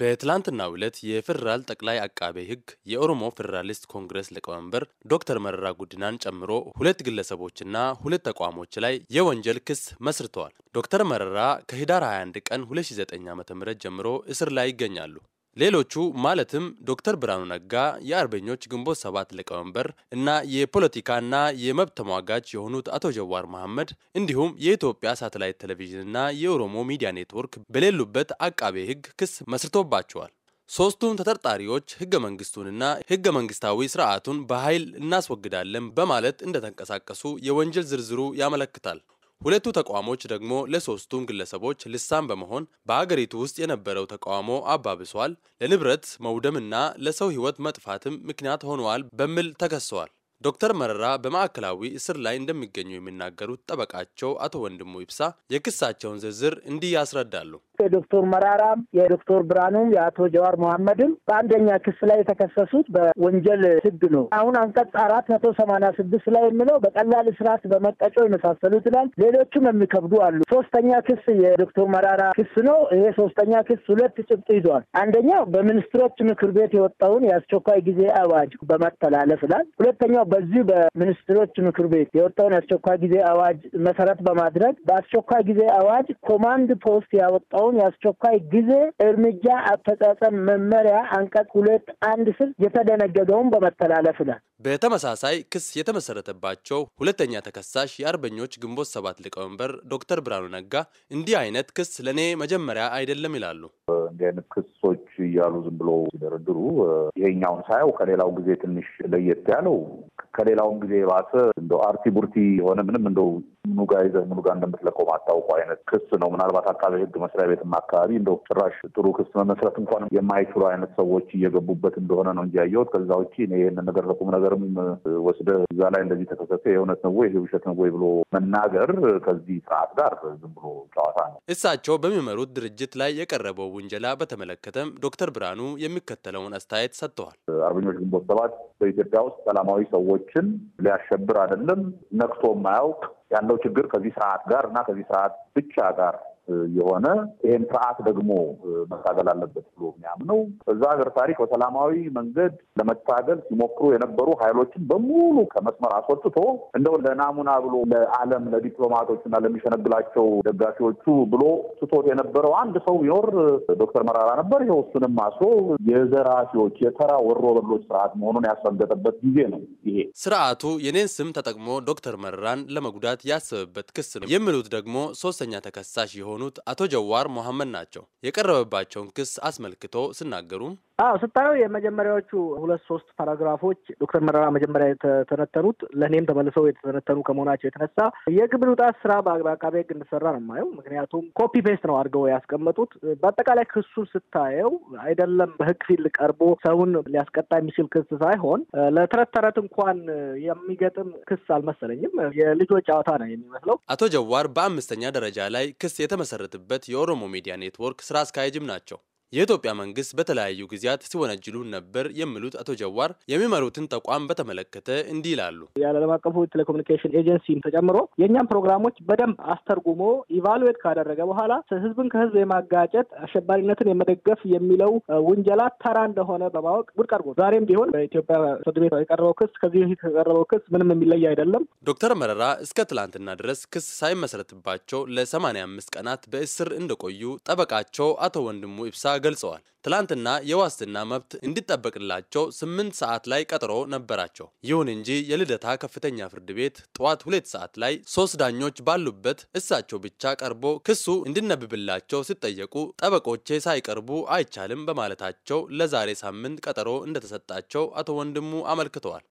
በትላንትና ዕለት የፌዴራል ጠቅላይ አቃቤ ሕግ የኦሮሞ ፌዴራሊስት ኮንግረስ ሊቀመንበር ዶክተር መረራ ጉዲናን ጨምሮ ሁለት ግለሰቦችና ሁለት ተቋሞች ላይ የወንጀል ክስ መስርተዋል። ዶክተር መረራ ከህዳር 21 ቀን 2009 ዓ.ም ጀምሮ እስር ላይ ይገኛሉ። ሌሎቹ ማለትም ዶክተር ብርሃኑ ነጋ የአርበኞች ግንቦት ሰባት ሊቀመንበር እና የፖለቲካና የመብት ተሟጋች የሆኑት አቶ ጀዋር መሐመድ እንዲሁም የኢትዮጵያ ሳተላይት ቴሌቪዥንና የኦሮሞ ሚዲያ ኔትወርክ በሌሉበት አቃቤ ሕግ ክስ መስርቶባቸዋል። ሶስቱም ተጠርጣሪዎች ህገ መንግስቱንና ህገ መንግስታዊ ስርዓቱን በኃይል እናስወግዳለን በማለት እንደተንቀሳቀሱ የወንጀል ዝርዝሩ ያመለክታል። ሁለቱ ተቋሞች ደግሞ ለሶስቱም ግለሰቦች ልሳን በመሆን በአገሪቱ ውስጥ የነበረው ተቃውሞ አባብሷል፣ ለንብረት መውደምና ለሰው ሕይወት መጥፋትም ምክንያት ሆነዋል በሚል ተከሰዋል። ዶክተር መረራ በማዕከላዊ እስር ላይ እንደሚገኙ የሚናገሩት ጠበቃቸው አቶ ወንድሙ ይብሳ የክሳቸውን ዝርዝር እንዲህ ያስረዳሉ። የዶክተር መራራም የዶክተር ብርሃኑም የአቶ ጀዋር መሐመድም በአንደኛ ክስ ላይ የተከሰሱት በወንጀል ህግ ነው። አሁን አንቀጽ አራት መቶ ሰማንያ ስድስት ላይ የሚለው በቀላል ስርዓት በመቀጮ የመሳሰሉት ይላል። ሌሎቹም የሚከብዱ አሉ። ሶስተኛ ክስ የዶክተር መራራ ክስ ነው። ይሄ ሶስተኛ ክስ ሁለት ጭብጥ ይዟል። አንደኛው በሚኒስትሮች ምክር ቤት የወጣውን የአስቸኳይ ጊዜ አዋጅ በመተላለፍ ይላል። ሁለተኛው በዚህ በሚኒስትሮች ምክር ቤት የወጣውን የአስቸኳይ ጊዜ አዋጅ መሰረት በማድረግ በአስቸኳይ ጊዜ አዋጅ ኮማንድ ፖስት ያወጣው የወጣውን የአስቸኳይ ጊዜ እርምጃ አፈጻጸም መመሪያ አንቀጽ ሁለት አንድ ስር የተደነገገውን በመተላለፍ ነው። በተመሳሳይ ክስ የተመሰረተባቸው ሁለተኛ ተከሳሽ የአርበኞች ግንቦት ሰባት ሊቀመንበር ዶክተር ብርሃኑ ነጋ እንዲህ አይነት ክስ ለእኔ መጀመሪያ አይደለም ይላሉ። እንዲህ አይነት ክሶች እያሉ ዝም ብሎ ሲደረድሩ ይሄኛውን ሳየው ከሌላው ጊዜ ትንሽ ለየት ያለው ከሌላውን ጊዜ የባሰ እንደ አርቲ ቡርቲ የሆነ ምንም እንደው ምኑ ጋር ይዘህ ምኑ ጋር እንደምትለቀው ማታውቁ አይነት ክስ ነው። ምናልባት አቃቤ ሕግ መስሪያ ቤትም አካባቢ እንደው ጭራሽ ጥሩ ክስ መመስረት እንኳን የማይችሉ አይነት ሰዎች እየገቡበት እንደሆነ ነው እንጂ ያየሁት። ከዛ ውጭ እኔ ይህን ነገር ለቁም ነገርም ወስደህ እዛ ላይ እንደዚህ ተከሰተ የእውነት ነው ወይ ውሸት ነው ወይ ብሎ መናገር ከዚህ ስርዓት ጋር ዝም ብሎ ጨዋታ ነው። እሳቸው በሚመሩት ድርጅት ላይ የቀረበው ውንጀላ በተመለከተም ዶክተር ብርሃኑ የሚከተለውን አስተያየት ሰጥተዋል። አርበኞች ግንቦት ሰባት በኢትዮጵያ ውስጥ ሰላማዊ ሰዎችን ሊያሸብር አይደለም ነክቶ የማያውቅ ያለው ችግር ከዚህ ስርዓት ጋር እና ከዚህ ስርዓት ብቻ ጋር የሆነ ይህን ስርዓት ደግሞ መታገል አለበት ብሎ የሚያምነው በዛ ሀገር ታሪክ በሰላማዊ መንገድ ለመታገል ሲሞክሩ የነበሩ ኃይሎችን በሙሉ ከመስመር አስወጥቶ እንደው ለናሙና ብሎ ለዓለም ለዲፕሎማቶች እና ለሚሸነግላቸው ደጋፊዎቹ ብሎ ስቶት የነበረው አንድ ሰው ቢኖር ዶክተር መራራ ነበር። ይኸው እሱንም አስሮ የዘራፊዎች የተራ ወሮ በሎች ስርዓት መሆኑን ያስረገጠበት ጊዜ ነው። ይሄ ስርዓቱ የኔን ስም ተጠቅሞ ዶክተር መራራን ለመጉዳት ያሰበበት ክስ ነው የሚሉት ደግሞ ሶስተኛ ተከሳሽ የሆኑ የሆኑት አቶ ጀዋር መሐመድ ናቸው። የቀረበባቸውን ክስ አስመልክቶ ሲናገሩም አዎ ስታየው የመጀመሪያዎቹ ሁለት ሶስት ፓራግራፎች ዶክተር መረራ መጀመሪያ የተተነተኑት ለእኔም ተመልሰው የተተነተኑ ከመሆናቸው የተነሳ የግብር ውጣት ስራ በአቃቤ ሕግ እንድሰራ ነው የማየው። ምክንያቱም ኮፒ ፔስት ነው አድርገው ያስቀመጡት። በአጠቃላይ ክሱን ስታየው አይደለም በህግ ፊት ቀርቦ ሰውን ሊያስቀጣ የሚችል ክስ ሳይሆን ለተረት ተረት እንኳን የሚገጥም ክስ አልመሰለኝም። የልጆች ጨዋታ ነው የሚመስለው። አቶ ጀዋር በአምስተኛ ደረጃ ላይ ክስ የተመሰረተበት የኦሮሞ ሚዲያ ኔትወርክ ስራ አስኪያጅም ናቸው። የኢትዮጵያ መንግስት በተለያዩ ጊዜያት ሲወነጅሉ ነበር የሚሉት አቶ ጀዋር የሚመሩትን ተቋም በተመለከተ እንዲህ ይላሉ። የዓለም አቀፉ ቴሌኮሙኒኬሽን ኤጀንሲ ተጨምሮ የእኛም ፕሮግራሞች በደንብ አስተርጉሞ ኢቫሉዌት ካደረገ በኋላ ህዝብን ከህዝብ የማጋጨት አሸባሪነትን የመደገፍ የሚለው ውንጀላ ተራ እንደሆነ በማወቅ ውድቅ አድርጎ ዛሬም ቢሆን በኢትዮጵያ ፍርድ ቤት የቀረበው ክስ ከዚህ በፊት የቀረበው ክስ ምንም የሚለይ አይደለም። ዶክተር መረራ እስከ ትላንትና ድረስ ክስ ሳይመሰረትባቸው ለ85 ቀናት በእስር እንደቆዩ ጠበቃቸው አቶ ወንድሙ ኢብሳ ገልጸዋል። ትላንትና የዋስትና መብት እንዲጠበቅላቸው ስምንት ሰዓት ላይ ቀጠሮ ነበራቸው። ይሁን እንጂ የልደታ ከፍተኛ ፍርድ ቤት ጠዋት ሁለት ሰዓት ላይ ሶስት ዳኞች ባሉበት እሳቸው ብቻ ቀርቦ ክሱ እንዲነበብላቸው ሲጠየቁ ጠበቆቼ ሳይቀርቡ አይቻልም በማለታቸው ለዛሬ ሳምንት ቀጠሮ እንደተሰጣቸው አቶ ወንድሙ አመልክተዋል።